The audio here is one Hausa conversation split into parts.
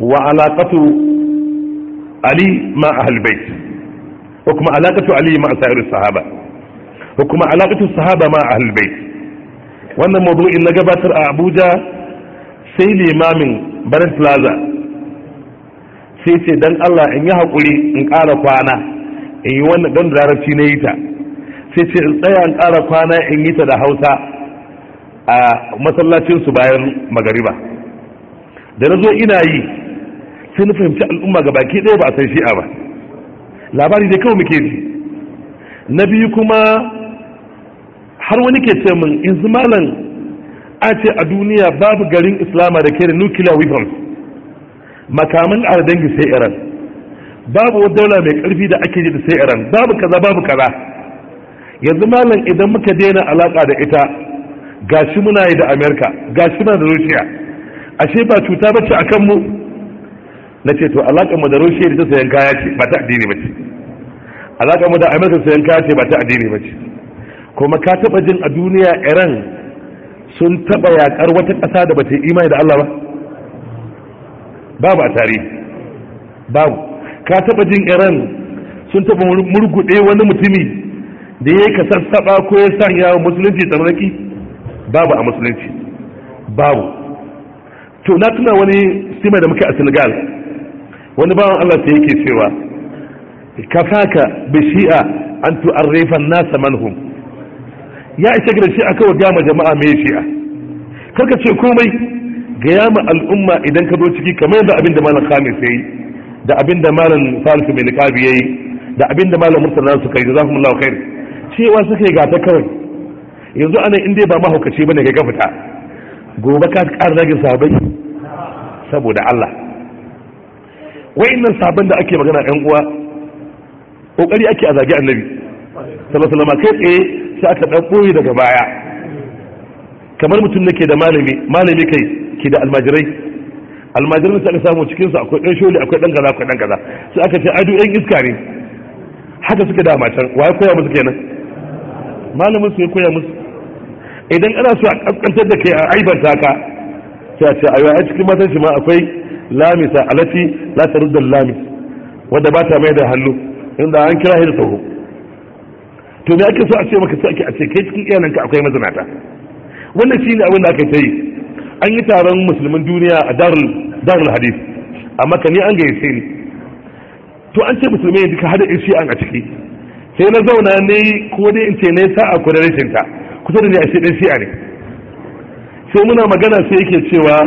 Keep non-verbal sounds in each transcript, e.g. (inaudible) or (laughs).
wa alaƙatu ali ma ahal bait ko kuma alaƙatu ali ma sa'ir sahaba ko kuma alaƙatu sahaba ma ahal bait wannan mawdu'in na gabatar a Abuja sai limamin barin Plaza sai ce dan Allah in yi hakuri in ƙara kwana in yi wannan don larabci na yi ta sai ce in tsaya in ƙara kwana in yi ta da Hausa a masallacinsu bayan magariba da na zo ina yi sai na fahimci al'umma ga baki ɗaya ba a san shi'a ba labari dai kawai muke ji na biyu kuma har wani ke ce min yanzu malam a ce a duniya babu garin islama da ke da nuclear weapons makaman ardangi sai iran babu wata daula mai karfi da ake ji da sai iran babu kaza babu kaza yanzu malam idan muka daina alaka da ita gashi muna yi da amerika gashi muna da russia ashe ba cuta bace akan mu na ce to alaƙar mu da rushe ta sayan kaya ce ba ta addini ba ce alaƙar mu da amurka sayan kaya ce ba ta addini ba ce kuma ka taɓa jin a duniya iran sun taɓa yaƙar wata ƙasa da bata imani da allah ba babu a tarihi babu ka taɓa jin iran sun taɓa murguɗe wani mutumi da ya yi ka sassaɓa ko ya sa yawon musulunci Ba babu a musulunci babu to na tuna wani sima da muke a senegal wani bawan Allah sai yake cewa kafaka shi'a an tu'arrifa an-nas manhum ya ita ga shi aka wada ma jama'a me shi'a karka ce komai ga yama al'umma idan ka zo ciki kamar yadda abinda malam Khamis yayi da abinda malam Salisu bin Kabi yayi da abinda malam Murtala suka yi jazakumullahu khair cewa suka yi gata kawai yanzu anan in dai ba mahaukaci bane ka fita gobe ka ƙara rage sabai saboda Allah nan sabon da ake magana yan uwa kokari ake a zage annabi sallallahu alaihi kai tsaye sai aka dan koyi daga baya kamar mutum nake da malami malami kai ke da almajirai almajirai sai aka samu cikin su akwai dan sholi akwai dan kaza akwai dan kaza sai aka ce ado yan iska ne haka suke da macen waye koya musu kenan malamin su ya koya musu idan ana so a kaskantar da kai a aibanta ka sai a ce a cikin matan shi ma akwai lamisa alati la tarudda lamis wanda ba ta mai da hannu inda an kira shi da sauro to me ake so a ce maka sai a ce kai cikin iyalanka akwai mazinata wannan shine abin da aka yi an yi taron musulmin duniya a darul darul hadith amma kan ni an gayyace ni to an ce musulmai duka hada irshi an a ciki sai na zauna ne ko dai in ce ne sa'a a da rashin kusa da ni a shi dan shi'a ne sai muna magana sai yake cewa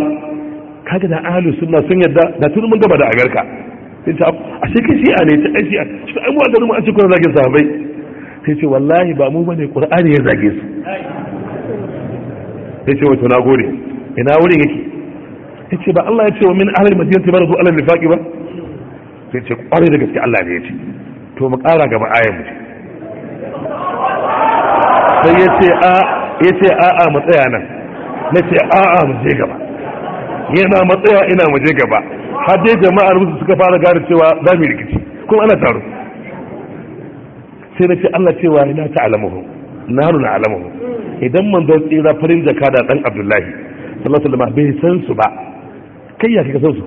kaga da ahlus sunna sun yadda da tun mun gaba da agarka sai ta a sai kai a ne ta shi'a shi ai mu a mu an ce kuna zagin sahabbai sai ce wallahi ba mu bane qur'ani ya zage su sai ce wato na gode ina wurin yake sai ce ba Allah ya ce wa min ahlil madinati barzu ala nifaqi ba sai ce kware da gaske Allah ne ya ce to mu kara gaba ayan mu sai ya ce a ya ce a'a mu tsaya nan na ce a'a mu je gaba yana matsaya ina waje gaba har dai jama'ar musu suka fara gane cewa za mu rikici kuma ana taro sai na ce Allah cewa ina ta alamuhu na na alamuhu idan zo tsira farin jaka da dan Abdullahi sallallahu alaihi wasallam bai san su ba kai ya kika san su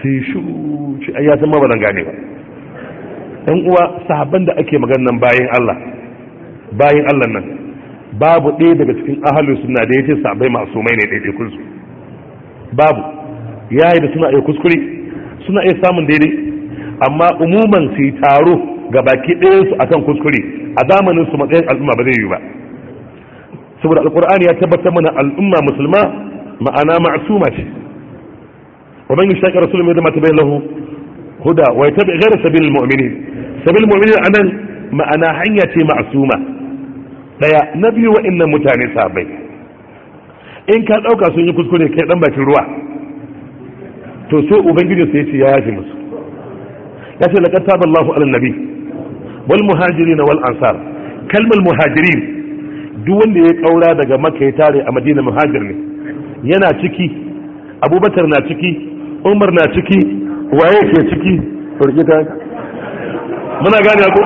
sai shu shi ayya san ma ba gane ba dan uwa sahabban da ake magana bayin Allah bayan Allah nan babu ɗaya daga cikin ahalin suna da ya ce sabai masu mai ne ɗaiɗaikun su babu ya yi da suna iya kuskure suna iya samun daidai amma umuman su yi taro ga baki su akan kuskure a zamanin su matsayin al'umma ba zai yi ba saboda alkur'ani ya tabbatar mana al'umma musulma ma'ana ma'asuma ce wa man yushaqi rasulun min ma tabayyana lahu huda wa yattabi ghayra sabilil mu'minin sabilil mu'minin anan ma'ana hanya ce ma'suma daya na biyu waɗannan mutane sabai in ka ɗauka sun yi kuskure kai dan bakin ruwa to so ubangiji sai ce ya yafi musu ya ce laqad taba Allahu ala nabi wal muhajirin wal ansar kalmar muhajirin duk wanda ya kaura daga makka ya tare a madina muhajir ne yana ciki abubakar na ciki umar na ciki waye ke ciki furgita muna gane ko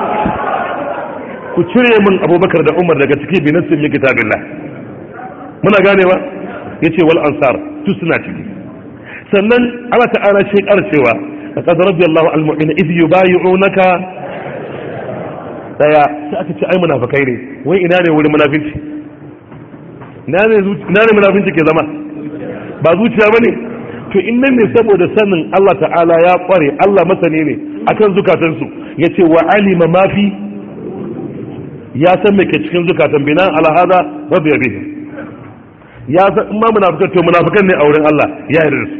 ku cire min abubakar da umar daga ciki bi nassin min kitabillah muna ganewa yace wal ansar su suna ciki sannan Allah ta'ala shi karcewa laqad rabbiyallahu al mumin idh yubayyi'unaka daya sai aka ce ai munafikai ne wai ina ne wurin munafinci Na ne ina ne ke zama ba zuciya bane to in nan ne saboda sanin Allah ta'ala ya kware Allah masani ne akan zukatansu yace wa alima ma fi ya san me ke cikin zukatan binan alhada rabi ya bihi ya san in ma munafikan to munafikan ne a wurin Allah ya yarda su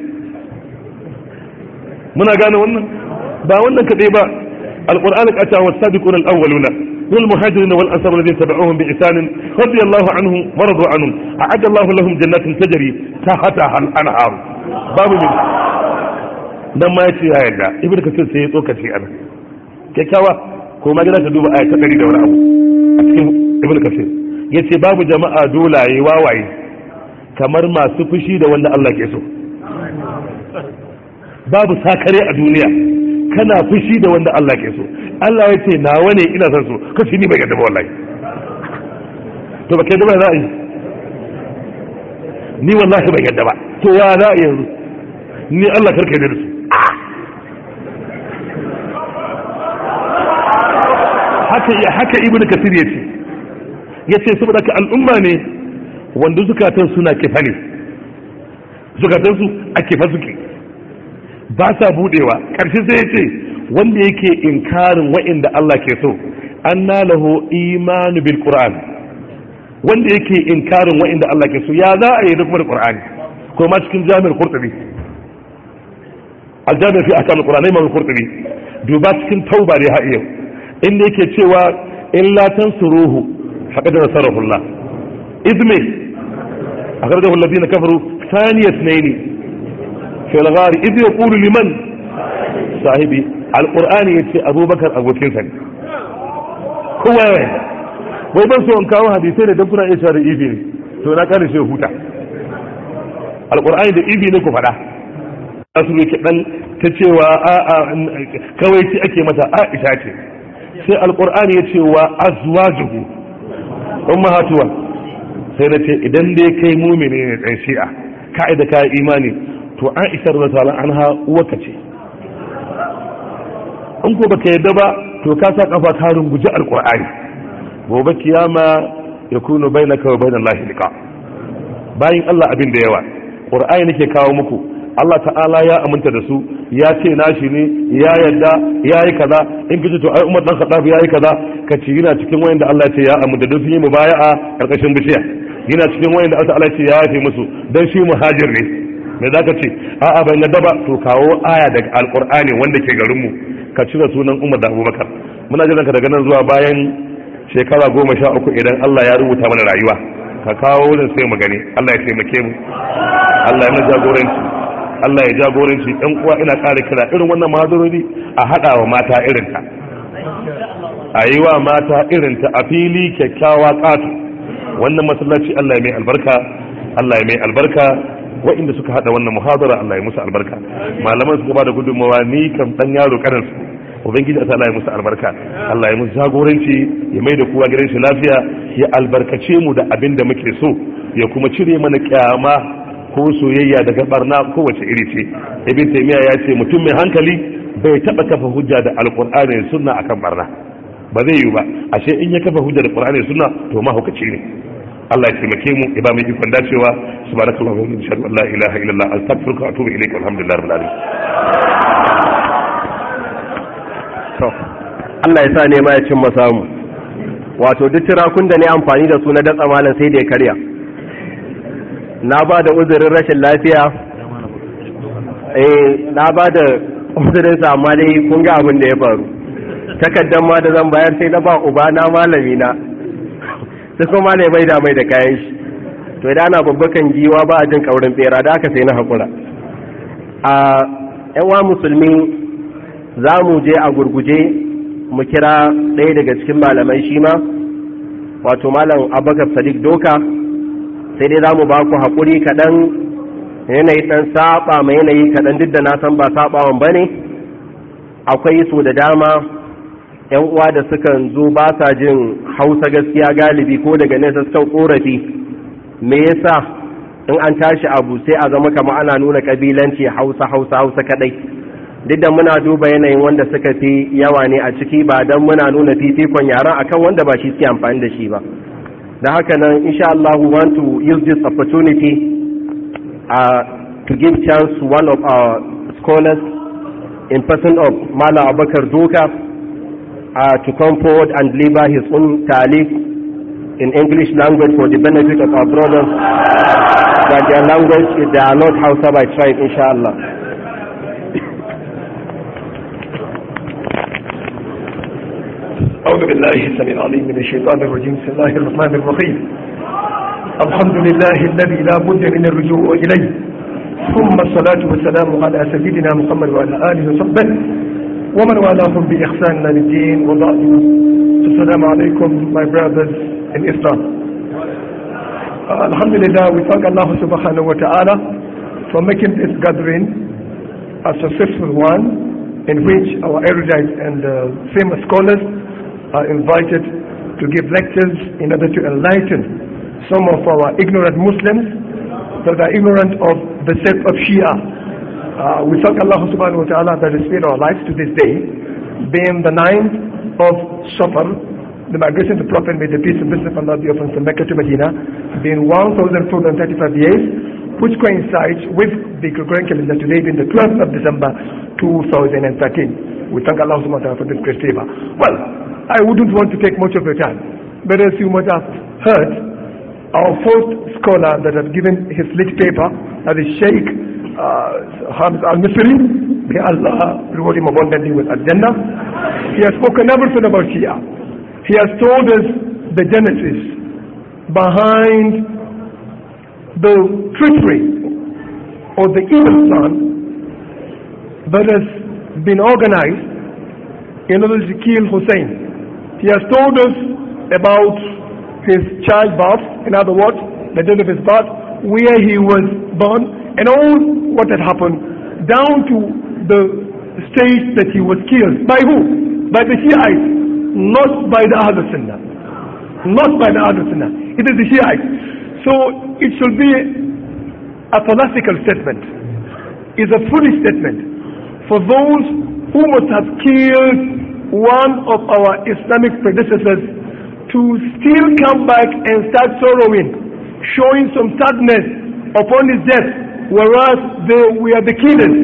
muna gane wannan ba wannan kaɗai ba alqur'ani qata wa sabiquna alawwaluna والمهاجرين والأنصار الذين تبعوهم بإحسان رضي الله عنهم ورضوا عنهم أعد الله لهم جنات تجري تحتها الأنهار باب من لما يأتي آية ابن كثير سيطوك في أنا كيكاوا كما جدا تدوب آية تقريبا ولا أبو cikin ibn kafir yace babu jama'a dolaye wawaye kamar masu fushi da wanda Allah ke so babu sakare a duniya kana fushi da wanda Allah ke so Allah ya ce nawa ne ina son so kashi ni bai ga daba wallahi to baka daba ba a yi ni wallahi bai yadda ba, to wa za yanzu ni Allah karkai da su haka ya haka ibn kasir ya ce ya ce saboda ka al'umma ne wanda zukatan suna kifa ne zukatan su a kifa suke ba sa budewa karshe sai ya ce wanda yake inkarin wa'inda Allah ke so an nalahu imanu bil qur'an wanda yake inkarin wa'inda Allah ke so ya za a yi rukmar qur'ani ko ma cikin jami'ar qurtubi al jami'a fi akan qur'ani ma qurtubi duba cikin tauba ne ha yau inda yake cewa in la tansuruhu faqad nasarahu Allah izmi akhrajahu alladhina kafaru thaniya ithnaini fi al-ghar idh yaqulu liman sahibi al ya ce abubakar abokin sa kowa ya wai ban so an kawo hadisai da dan kuna iya da ibi ne to na kare shi huta al da ibi ne ku faɗa asibiti dan ta cewa a'a kawai ce ake mata aisha ce sai alkur'ani ya ce wa azwajuhu ummahatuhum sai na ce idan dai kai mumini ne dan shi'a ka'ida ka imani to an Aisha an anha uwarka ce in ko baka yadda ba to ka sa kafa ka runguji alkur'ani gobe kiyama yakunu bainaka wa lahi liqa bayin Allah abin da yawa qur'ani nake kawo muku Allah ta'ala ya aminta da su ya ce nashi ne ya yadda ya yi kaza in kace to ai Umar dan Khattab ya yi kaza ka ci yana cikin da Allah ya ce ya amu da sun yi mubaya'a karkashin bishiya yana cikin wayan Allah ya ce ya yafe musu dan shi muhajir ne me zaka ce a'a ban yadda ba to kawo aya daga alqur'ani wanda ke garin mu ka cire sunan Umar da Abubakar muna jiran ka daga nan zuwa bayan shekara goma sha uku idan Allah ya rubuta mana rayuwa ka kawo wurin sai mu gani Allah ya taimake mu Allah ya jagoranci Allah ya jagoranci ɗan uwa ina ƙara kira irin wannan mahadurori a haɗa wa mata irinta a yi wa mata irinta a fili kyakkyawa ƙato wannan masallaci Allah ya mai albarka Allah ya mai albarka wa'inda suka haɗa wannan muhadara Allah ya musu albarka malaman su gaba da gudunmawa ni kan ɗan yaro karansu ubangiji ta Allah ya musu albarka Allah ya musu jagoranci ya mai da kowa gidan shi lafiya ya albarkace mu da abin da muke so ya kuma cire mana kyama ko soyayya daga barna kowace iri ce ibn taymiya ya ce mutum mai hankali bai taba kafa hujja da alqur'ani da sunna akan barna ba zai yi ba ashe in ya kafa hujja da alqur'ani da sunna to hukaci ne Allah ya taimake mu ya ba mu ikon dacewa subhanakallahu wa bihamdika la ilaha illallah astaghfiruka wa atubu ilaik alhamdulillahi rabbil alamin to Allah ya sa ne ma ya cin masamu wato duk tirakun da ne amfani da su na datsa malam sai da ya karya na ba da uzurin rashin lafiya eh na ba da uzurin sama kun ga abin da ya faru takaddan ma da zan bayar sai na ba uba na malami na sai kuma ne bai da mai da kayan shi to idan ana babbakan giwa ba a jin kaurin tsira da aka sai na hakura a yan wa musulmi za mu je a gurguje mu kira ɗaya daga cikin malamai shi ma wato malam abubakar sadiq doka sai dai za mu ba ku haƙuri kaɗan yanayi ɗan saɓa mai yanayi kaɗan duk da na san ba saɓawan ba ne akwai su da dama yan uwa da suka zo ba sa jin hausa gaskiya galibi ko daga nesa sukan korafi me yasa in an tashi abu sai a zama kama ana nuna ƙabilanci hausa hausa hausa kaɗai duk da muna duba yanayin wanda suka fi yawa ne a ciki ba don muna nuna fifikon yaran akan wanda ba shi suke amfani da shi ba da haka nan insha Allah we want to use this opportunity uh, to give chance to one of our scholars in person of Mala Abakar Duka uh, to come forward and deliver his own talif in English language for the benefit of our brothers that their language they are not Hausa by tribe inshallah. أعوذ بالله السميع العليم من الشيطان الرجيم بسم الله الرحمن الرحيم الحمد لله الذي لا بد من الرجوع إليه ثم الصلاة والسلام على سيدنا محمد وعلى آله وصحبه ومن والاهم بإحسان للدين وبعد السلام عليكم my brothers in Islam uh, لله we thank Allah subhanahu wa ta'ala for making this gathering a successful one in which our erudite and uh, famous scholars are invited to give lectures in order to enlighten some of our ignorant Muslims that are ignorant of the sect of Shia. Uh, we thank Allah subhanahu wa ta'ala that has spared our lives to this day, being the ninth of Safar, the migration of the Prophet, Muhammad the peace and of Allah be upon from Mecca to Medina, being 1,435 years, which coincides with the Gregorian calendar today being the 12th of December 2013. We thank Allah subhanahu wa ta'ala for this great favor. Well, I wouldn't want to take much of your time. But as you might have heard, our first scholar that has given his lit paper, that is Sheikh uh, Hamz Al Misri, may Allah reward him abundantly with Al Jannah. He has spoken everything about Shia. He has told us the genesis behind the treachery or the evil plan that has been organized in order to kill Hussein he has told us about his childbirth, in other words, the date of his birth, where he was born, and all what had happened, down to the stage that he was killed. By who? By the Shiites, not by the other Sunnah. Not by the other Sunnah. It is the Shiites. So it should be a philosophical statement. It's a foolish statement for those who must have killed one of our Islamic predecessors to still come back and start sorrowing, showing some sadness upon his death, whereas they were the killers.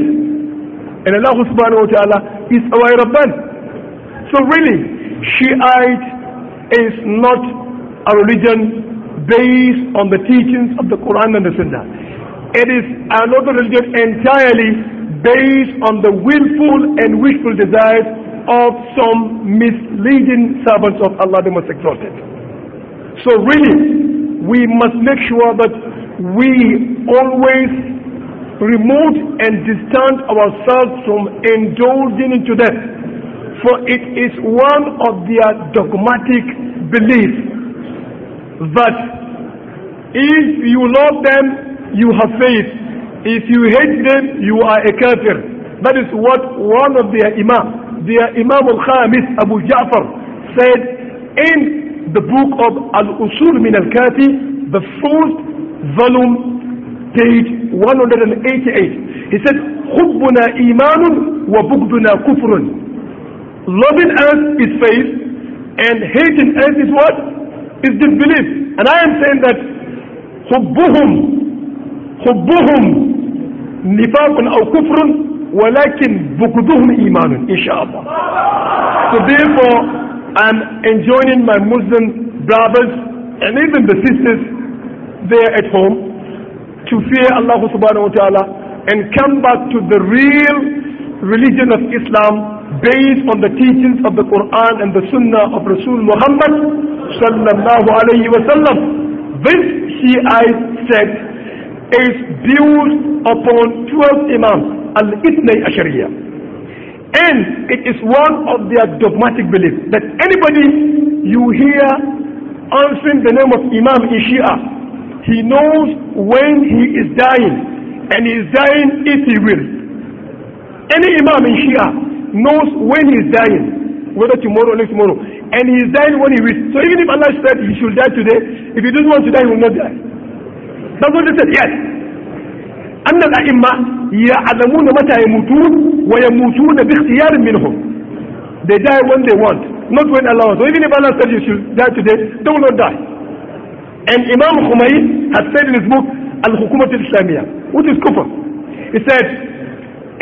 And Allah subhanahu wa ta'ala is our Rabban. So really, Shiite is not a religion based on the teachings of the Quran and the Sunnah. It is another religion entirely based on the willful and wishful desires of some misleading servants of Allah the Most Exalted. So, really, we must make sure that we always remove and distance ourselves from indulging into them. For it is one of their dogmatic beliefs that if you love them, you have faith. If you hate them, you are a kafir. That is what one of their imams their Imam al-Khamis Abu Ja'far said in the book of Al-Usul min al Kati, the fourth volume, page 188. He said, حُبُّنَا إِيمَانٌ وَبُغْدُنَا كُفْرٌ Loving us is faith and hating us is what? Is disbelief. And I am saying that حُبُّهُمْ حُبُّهُمْ نِفَاقٌ أَوْ كُفْرٌ walakin bukduhum imanun, الله. So therefore, I'm enjoining my Muslim brothers and even the sisters there at home to fear Allah subhanahu wa ta'ala and come back to the real religion of Islam based on the teachings of the Quran and the Sunnah of Rasul Muhammad sallallahu alayhi wa sallam. This Shiite said is built upon 12 imams al-ithnay ashariya and it is one of their dogmatic beliefs that anybody you hear answering the name of Imam in Shia he knows when he is dying and he is dying if he will any Imam in Shia knows when he is dying whether tomorrow or next tomorrow and he is dying when he will so even if Allah said he should die today if he doesn't want to die he will not die that's what they said yes أن الأئمة يعلمون متى يموتون ويموتون باختيار منهم they die when they want not when Allah wants so even if Allah said you should die today they will not die and Imam Khomeini has said in his book Al الحكومة Islamiyah, which is kufr he said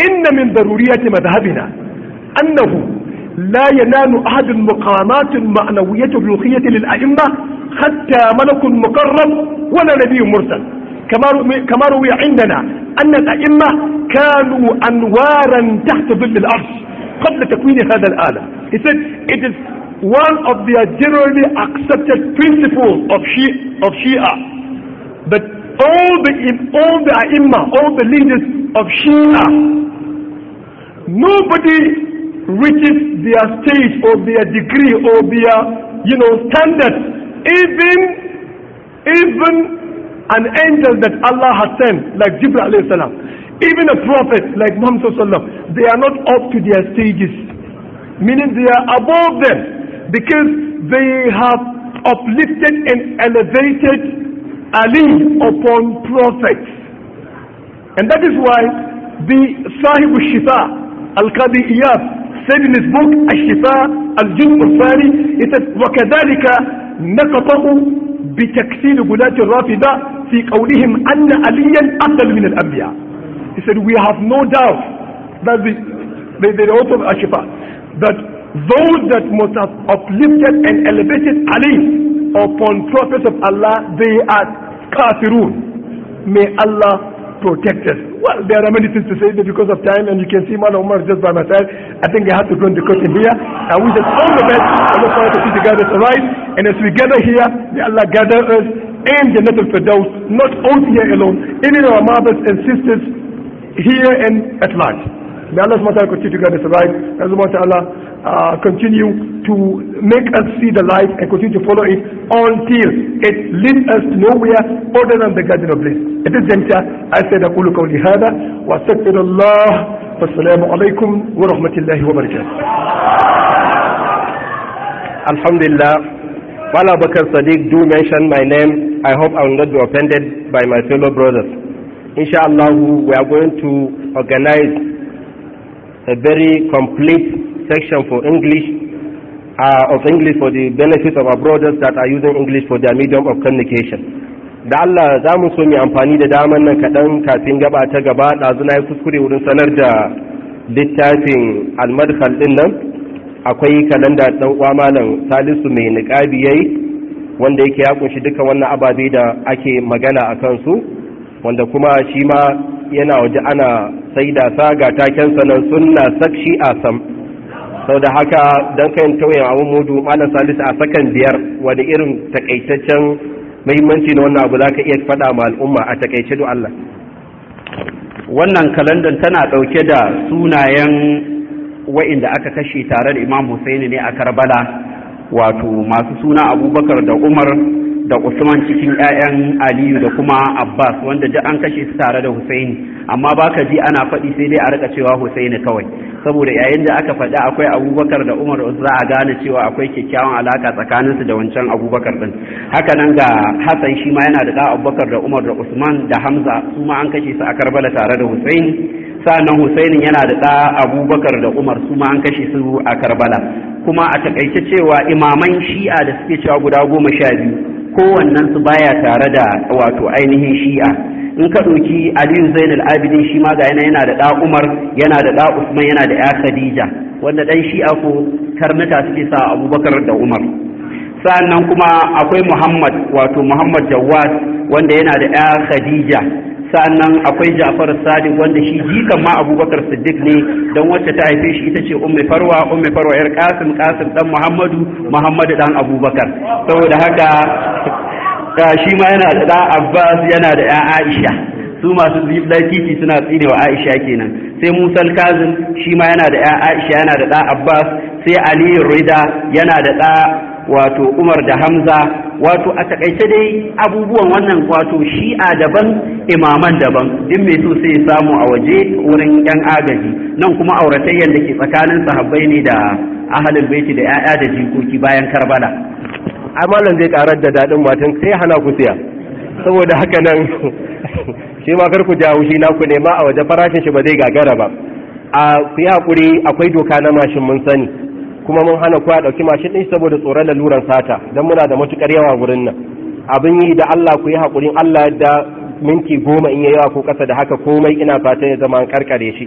إن من ضروريات مذهبنا أنه لا ينال أحد المقامات المعنوية الروحية للأئمة حتى ملك مقرب ولا نبي مرسل كما روي عندنا أن الأئمة كانوا أنوارا تحت ظل العرش قبل تكوين هذا الآلة He said it is one of the generally accepted principles of, Shi of Shia But all the, all the A'imma, all the leaders of Shia nobody reaches their stage or their degree or their you know standard even even an angel that Allah has sent, like Jibril alayhi salam, even a prophet like Muhammad sallam, they are not up to their stages, meaning they are above them because they have uplifted and elevated Ali upon prophets. And that is why the Sahib al-Shifa, Al-Qadi iyaf said in his book, Al-Shifa, Al-Jinn al-Fari, he said, وَكَذَلِكَ نَقَطَهُ بِتَكْسِيلُ قُلَاتِ الرَّافِدَةِ في قولهم أن عليا أفضل من الأنبياء He said we have no doubt that the, the, the author of Ashifa that those that must have uplifted and elevated Ali upon prophets of Allah they are kafirun may Allah protect us well there are many things to say because of time and you can see Mala Umar just by my side I think I have to go in the curtain here I wish us all the best I look forward to see the guys arrive and as we gather here, may Allah gather us in Jannat al-Firdaus, not only here alone, even our mothers and sisters here and at large. May Allah SWT continue to guide us right. May Allah SWT uh, continue to make us see the light and continue to follow it until it leads us to nowhere other than the garden of bliss. At this juncture, I said أقول hada. Wa وأستغفر الله والسلام عليكم Wa الله وبركاته. الحمد Alhamdulillah. bala bakar Sadiq do mention my name. I hope I will not be offended by my fellow brothers. Inshallah, we are going to organize a very complete section for English, uh, of English for the benefit of our brothers that are using English for their medium of communication. Da Allah za mu so mu amfani da daman nan kaɗan kafin gaba ta gaba ɗazu na yi kuskure wurin sanar da littafin almadkhal ɗin nan. akwai kalanda ɗan uwa malam salisu mai niƙabi yayi wanda yake ya kunshi duka wannan ababe da ake magana a kansu wanda kuma shi ma yana waje ana saida sa ga taken sanan sunna sakshi a sam sau da haka don kayan tauyen abin mudu malam salisu a sakan biyar wani irin takaitaccen muhimmanci na wannan abu za ka iya faɗa ma al'umma a takaice do Allah wannan kalandar tana ɗauke da sunayen wa'inda aka kashe tare da imam Hussaini ne a Karbala wato masu suna Abubakar da Umar da Usman cikin 'ya'yan Aliyu da kuma Abbas wanda duk an kashe su tare da Hussaini amma baka ji ana faɗi sai dai a rika cewa Hussaini kawai saboda yayin da aka faɗi akwai Abubakar da Umar za a gane cewa akwai kyakkyawan alaka tsakaninsu da wancan Abubakar ɗin, haka nan ga Hassan shi ma yana da Abubakar da Umar da Usman da Hamza su ma an kashe su a Karbala tare da Hussaini. sa'annan husainin yana da ɗa abubakar da umar su ma an kashe su a karbala kuma a takaice cewa imaman shi'a da suke cewa guda goma sha biyu kowannen su baya tare da wato ainihin shi'a in ka ɗauki aliyu zainal abidin shi ma ga yana da ɗa umar yana da ɗa usman yana da ya khadija wanda ɗan shi'a ko karnuka suke sa abubakar da umar sa'annan kuma akwai muhammad wato muhammad jawad wanda yana da ya khadija Sannan akwai Ja'far Sadiq wanda shi jikan ma Abubakar Siddiq ne dan wacce ta haife shi ita ce Ummi Farwa Ummi Farwa yar Qasim Qasim dan Muhammadu Muhammadu dan Abubakar saboda haka shi ma yana da Abbas yana da ɗan Aisha su masu zibdakiki suna tsine wa Aisha kenan sai Musa Kazim shi ma yana da ɗan Aisha yana da ɗan Abbas sai Ali Rida yana da ɗan wato Umar da Hamza wato a takaice dai abubuwan wannan wato shi'a daban imaman daban in mai so sai samu a waje wurin yan agaji nan kuma auratayyar da ke tsakanin sahabbai ne da ahalin baiti da 'ya'ya da jikoki bayan karbala a malam zai karar da daɗin matan sai hana ku siya saboda haka nan (laughs) shi ma kar ku jawo shi naku ku nema a waje farashin shi ba zai gagara ba a ku yi hakuri akwai doka na mashin mun sani kuma mun hana kowa a ɗauki mashin ɗin saboda tsoron laluran sata don muna da matukar yawa wurin nan abin yi da Allah ku yi hakurin Allah da minti goma in yawa ko ƙasa da haka komai ina fatan ya zama an karkare shi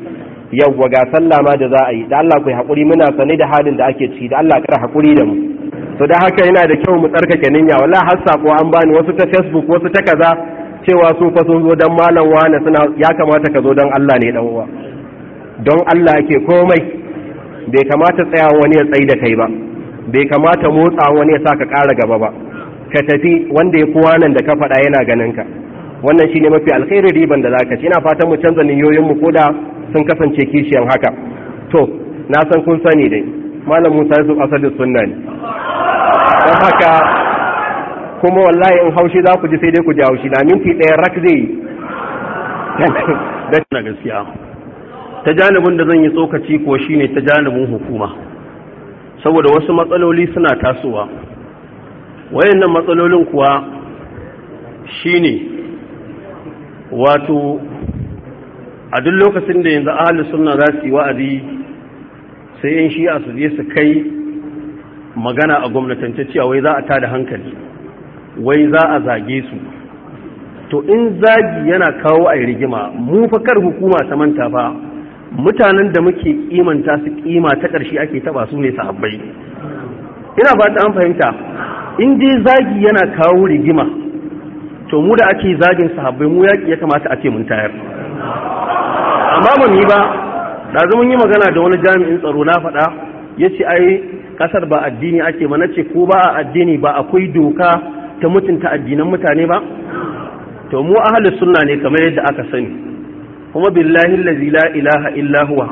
yawwa ga sallah ma da za a yi da Allah ku yi haƙuri muna sane da halin da ake ciki da Allah kara haƙuri da mu to da haka yana da kyau mu tsarkake ninya wala har sako an bani wasu ta Facebook wasu ta kaza cewa su fa sun zo dan malam suna ya kamata ka zo dan Allah ne dan uwa don Allah ke komai bai kamata tsaya wani ya tsayi da kai ba bai kamata motsa wani ya sa ka ƙara gaba ba ka tafi wanda ya kuwa nan da ka faɗa yana ganin ka wannan ne mafi alkhairi riban da zaka ci ina fatan mu canza niyoyin mu da sun kasance kishiyan haka to na san kun sani dai malam Musa su asalin sunna ne don haka kuma wallahi in haushi za ku ji sai dai ku ji haushi na minti ɗaya rak zai yi (laughs) gaskiya ta janibin da zan yi tsokaci kuwa shine ta janibin hukuma saboda wasu matsaloli suna tasowa wayannan matsalolin kuwa shine wato a duk lokacin da yanzu ahalus suna za su yi wa'azi sai shi shi'a su je su kai magana a gwamnatance cewa wai za a tada hankali wai za a zage su to in zagi yana kawo a rigima mu kar hukuma ta manta ba. mutanen da muke kimanta su kima ta ƙarshe ake taba su ne sahabbai ina ba ta an fahimta in dai zagi yana kawo rigima to mu da ake zagin sahabbai mu yaƙi ya kamata a ce mun tayar amma ba mu yi ba ɗazu mun yi magana da wani jami'in tsaro na faɗa ya ce ai ƙasar ba addini ake mana na ce ko ba a addini ba akwai doka ta mutunta addinan mutane ba to mu ahalus sunna ne kamar yadda aka sani kuma billahi allazi la ilaha illa huwa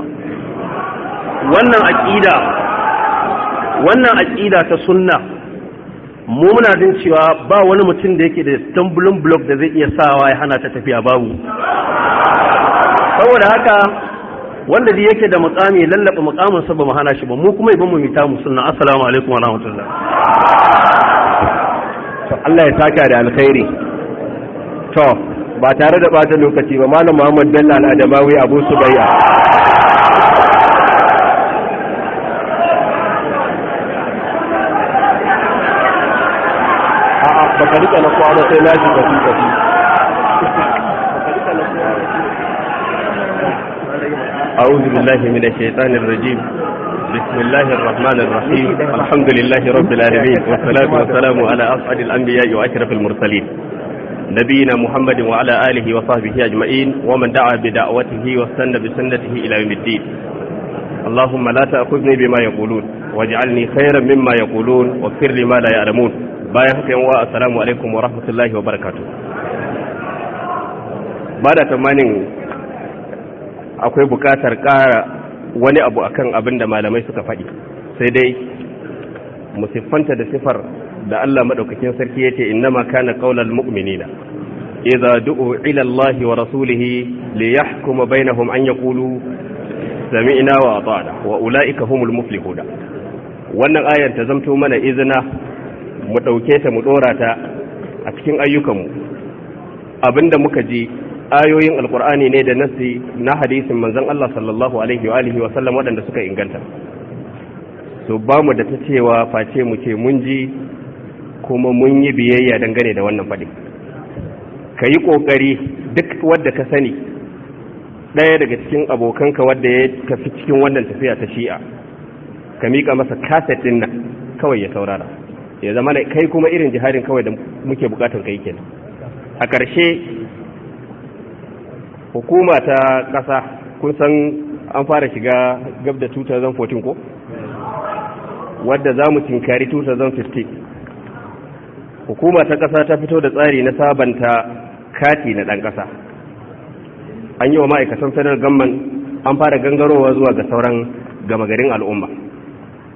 wannan aqida wannan aqida ta sunna mu muna jin cewa ba wani mutum da yake da stumbling block da zai iya sawa ya hana ta tafiya babu saboda haka wanda da yake da mutsami lallaba mutsamin sa ba mu hana shi ba mu kuma ibn mu mita mu sunna assalamu alaikum wa rahmatullah to Allah ya saka da alkhairi to ba tare da bata lokaci ba malam muhammad bello al'adamawi abu subaiya ba ka rika na kwano sai na shiga fi tafi أعوذ بالله من الشيطان الرجيم بسم الله الرحمن الرحيم الحمد لله رب العالمين والصلاة والسلام على أصعد الأنبياء وأشرف المرسلين نبينا محمد وعلى آله وصحبه أجمعين ومن دعا بدعوته واستنى بسنته إلى يوم الدين اللهم لا تأخذني بما يقولون واجعلني خيرا مما يقولون واغفر لي ما لا يعلمون bayan haka yawa assalamu alaikum wa rahmatullahi wa barakatuh ba da tamanin akwai bukatar ƙara wani abu akan abin da malamai suka faɗi sai dai musiffanta da sifar da Allah madaukakin sarki yace innama kana qaulal mu'minina idza du'u ila Allah wa rasulihi li yahkuma bainahum an yaqulu sami'na wa ata'na wa ulaika humul muflihun wannan ayar ta zamto mana izina mu dauke ta mu dora ta a cikin ayyukanmu abinda muka ji ayoyin alkur'ani ne da nasi na hadisin manzon Allah sallallahu alaihi wa alihi wa sallam waɗanda suka inganta to ba mu da ta cewa face mu ce mun ji kuma mun yi biyayya dangane da wannan faɗi ka yi ƙoƙari duk wadda ka sani ɗaya daga cikin abokanka wadda ya tafi cikin wannan tafiya ta shi'a ka miƙa masa kaset ɗin nan kawai ya saurara ya zama kai kuma irin jiharin kawai da muke buƙatar kai kenan a ƙarshe hukuma ta ƙasa kun san an fara shiga gab da 2014 ko wadda za mu tinkari 2015 hukuma ta ƙasa ta fito da tsari na sabanta kati na ɗan ƙasa an yi wa ma'aikatan federal gamman an fara gangarowa zuwa ga sauran gama garin al'umma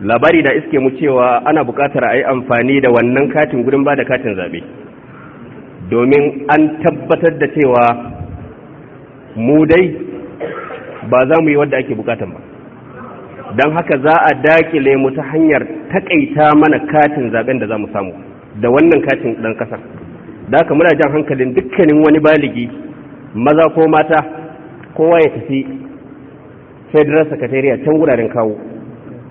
labari da iske mu cewa ana buƙatar a yi amfani da wannan katin gudun ba da katin zaɓe domin an tabbatar da cewa mu dai ba za mu yi wadda ake buƙatan ba don haka za a dakile mu ta hanyar taƙaita mana katin zaɓen da za mu samu da wannan katin ɗan ƙasa da haka muna jan hankalin dukkanin wani baligi maza ko mata kowa ya tafi federal a can wuraren kawo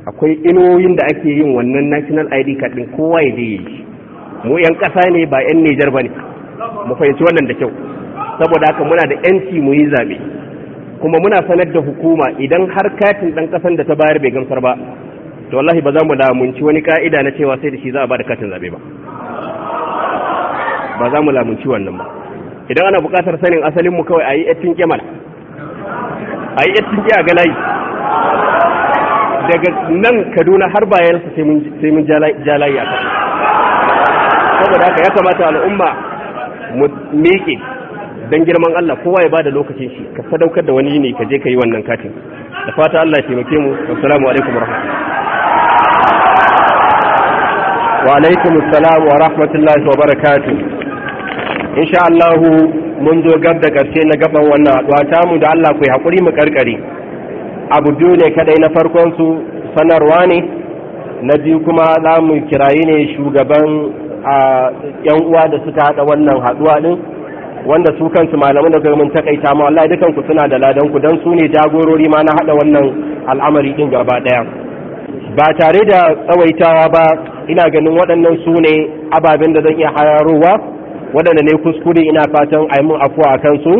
akwai inoyin da ake yin wannan national id card ɗin kowa ya je yi mu 'yan ƙasa ne ba 'yan nijar ba ne mu fahimci wannan da kyau saboda haka muna da 'yanci mu yi zaɓe kuma muna sanar da hukuma idan har katin ɗan ƙasan da ta bayar bai gamsar ba to wallahi ba za mu damunci wani ka'ida na cewa sai da shi za a ba da katin zaɓe ba ba za mu lamunci wannan ba idan ana bukatar sanin asalin mu kawai a yi ettin kemal a yi ettin a ga layi daga nan kaduna har bayansa sai mun ja layi a kan saboda haka ya kamata al'umma mu miƙe don girman Allah kowa ya bada lokacin shi ka sadaukar da wani ne ka je ka yi wannan katin da fata Allah ya taimake mu assalamu alaikum warahmatullahi wa alaikum assalam wa rahmatullahi wa insha Allah mun zo gab da gaske na gaban wannan haɗuwa ta mu da Allah ku haƙuri mu karkare abu biyu ne kadai na farkon su sanarwa ne na ji kuma za mu kirayi ne shugaban yan uwa da suka hada wannan haduwa din wanda su kansu malaman da kuma mun takaita mu Allah dukan ku suna da ladan ku dan su ne jagorori ma na hada wannan al'amari din gaba daya ba tare da tsawaitawa ba ina ganin waɗannan su ne ababen da zan iya hararowa waɗanda ne kuskure ina fatan a yi mun afuwa a kansu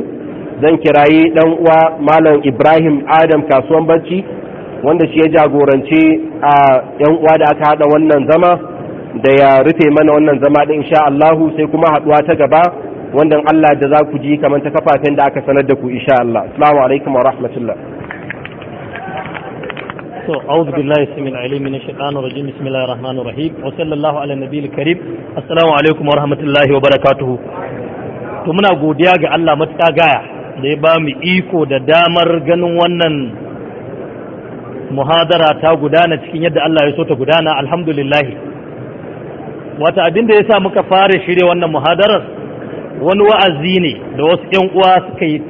zan kirayi ɗan uwa malam ibrahim adam kasuwan barci wanda shi ya jagoranci a yan uwa da aka haɗa wannan zama da ya rufe mana wannan zama da insha Allahu sai kuma haɗuwa ta gaba wanda Allah da za ku ji kamar ta kafafen da aka sanar da ku insha Allah assalamu alaikum wa rahmatullah so a'udhu billahi min alim min shaitanir rajim bismillahir rahmanir rahim wa sallallahu ala nabiyil karim assalamu alaikum wa rahmatullahi wa barakatuh to muna godiya ga Allah matuƙa gaya da ya ba mu iko da damar ganin wannan muhadara ta gudana cikin yadda Allah ya so ta gudana alhamdulillah wata abin da ya sa muka fara shirye wannan muhadarar wani wa'azi ne da wasu 'yan uwa suka yi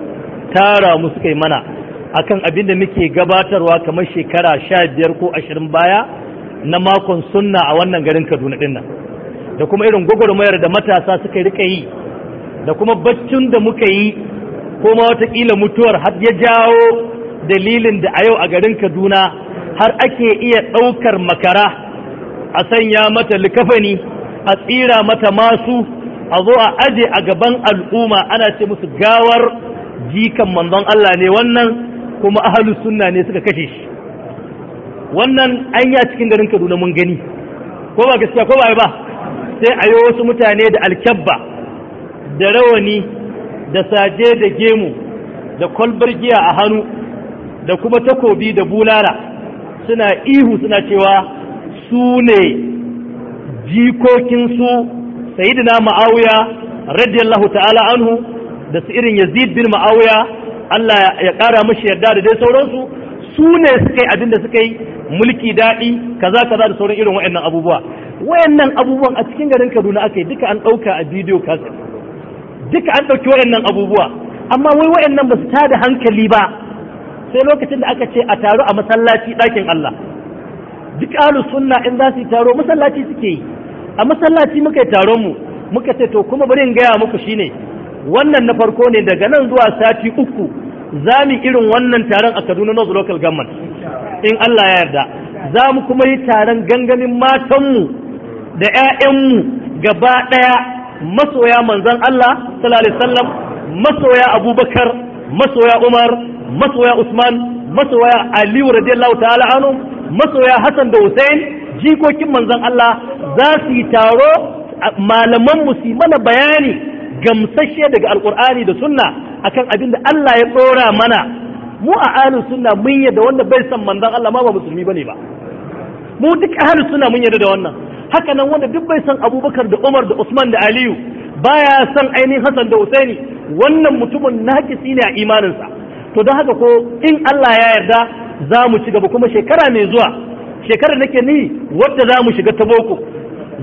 tara mu suka yi mana akan abin da muke gabatarwa kamar shekara sha biyar ko ashirin baya na makon sunna a wannan garin kaduna ɗin nan da kuma irin gwagwarmayar da matasa suka rika yi da kuma baccin da muka yi ko ma watakila mutuwar har ya jawo dalilin da a yau a garin kaduna har ake iya ɗaukar makara a sanya mata likafani a tsira mata masu a zo a aje a gaban al'umma ana ce musu gawar jikan manzon Allah ne wannan kuma ahalus sunna ne suka kashe shi wannan an ya cikin garin kaduna mun gani ko ba gaskiya ko ba ba sai a yi wasu mutane da alkyabba da rawani da saje da gemu da kwalbar giya a hannu da kuma takobi da bulara suna ihu suna cewa su ne jikokinsu sayidina ma'awuya radiyallahu ta'ala anhu da su irin yazid bin ma'awuya Allah ya ƙara mashi yarda da dai sauransu su ne suka yi abin da suka yi mulki daɗi kaza kaza da sauran irin waɗannan abubuwa wa'annan abubuwan a cikin garin Kaduna aka yi duka an ɗauka a bidiyo kasa duka an ɗauki waɗannan abubuwa amma wai waɗannan ba su tada hankali ba sai lokacin da aka ce a taro a masallaci ɗakin Allah duk alu sunna in za su yi taro masallaci suke yi a masallaci muka yi taron mu muka ce to kuma bari in gaya muku shine wannan na farko ne daga nan zuwa sati uku za mu irin wannan taron a Kaduna North Local Government in Allah ya yarda za mu kuma yi taron gangamin matanmu da 'ya'yanmu gaba ɗaya masoya manzan Allah sallallahu masoya Abubakar masoya Umar masoya Usman masoya Aliyu radiyallahu ta'ala Anu, masoya Hassan da Hussein jikokin manzan Allah za su yi taro malaman mu su mana bayani gamsashe daga alkur'ani da sunna akan abin da Allah ya tsora mana mu a ahlus sunna mun yadda wanda bai san manzon Allah ma ba musulmi bane ba mu duk ahlus sunna mun yadda da wannan haka nan wanda duk bai san Abubakar da Umar da Usman da Aliyu baya san ainihin Hassan da Husaini wannan mutumin naƙisi ne a imaninsa to don haka ko in Allah ya yarda za mu ci gaba kuma shekara mai zuwa shekarar nake ni wadda za mu shiga ta boko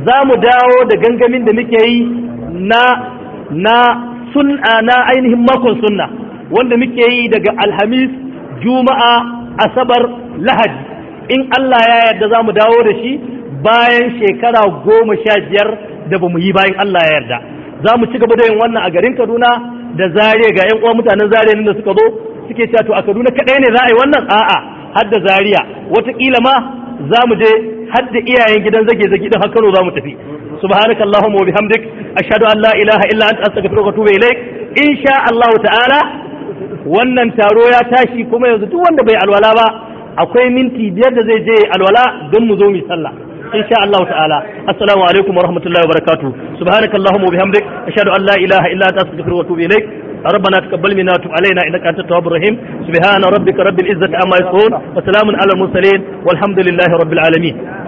za mu dawo da gangamin da muke yi na na sunna ah, na ainihin makon sunna wanda muke yi daga alhamis juma'a asabar lahadi in Allah ya yarda za mu dawo da shi bayan shekara goma sha biyar da ba mu yi bayan Allah ya yarda za mu ci gaba da yin wannan a garin Kaduna da zare ga yan uwa mutanen zare nan da suka zo suke cewa to a Kaduna kaɗai ne za a yi wannan a'a har da Zaria watakila ma za mu je har da iyayen gidan zage zage da har Kano za mu tafi سبحانك اللهم وبحمدك أشهد أن لا إله إلا أنت أستغفرك وأتوب إليك إن شاء الله تعالى wannan taro ya tashi kuma yanzu duk wanda bai alwala ba akwai minti biyar da zai je alwala don mu zo mu sallah insha Allah ta'ala assalamu alaikum wa rahmatullahi wa barakatuh subhanakallahumma wa bihamdik ashhadu an la ilaha illa anta astaghfiruka wa atubu ilaik ربنا تقبل منا وتب علينا انك انت التواب الرحيم سبحان ربك رب العزه عما يصفون وسلام على المرسلين والحمد لله رب العالمين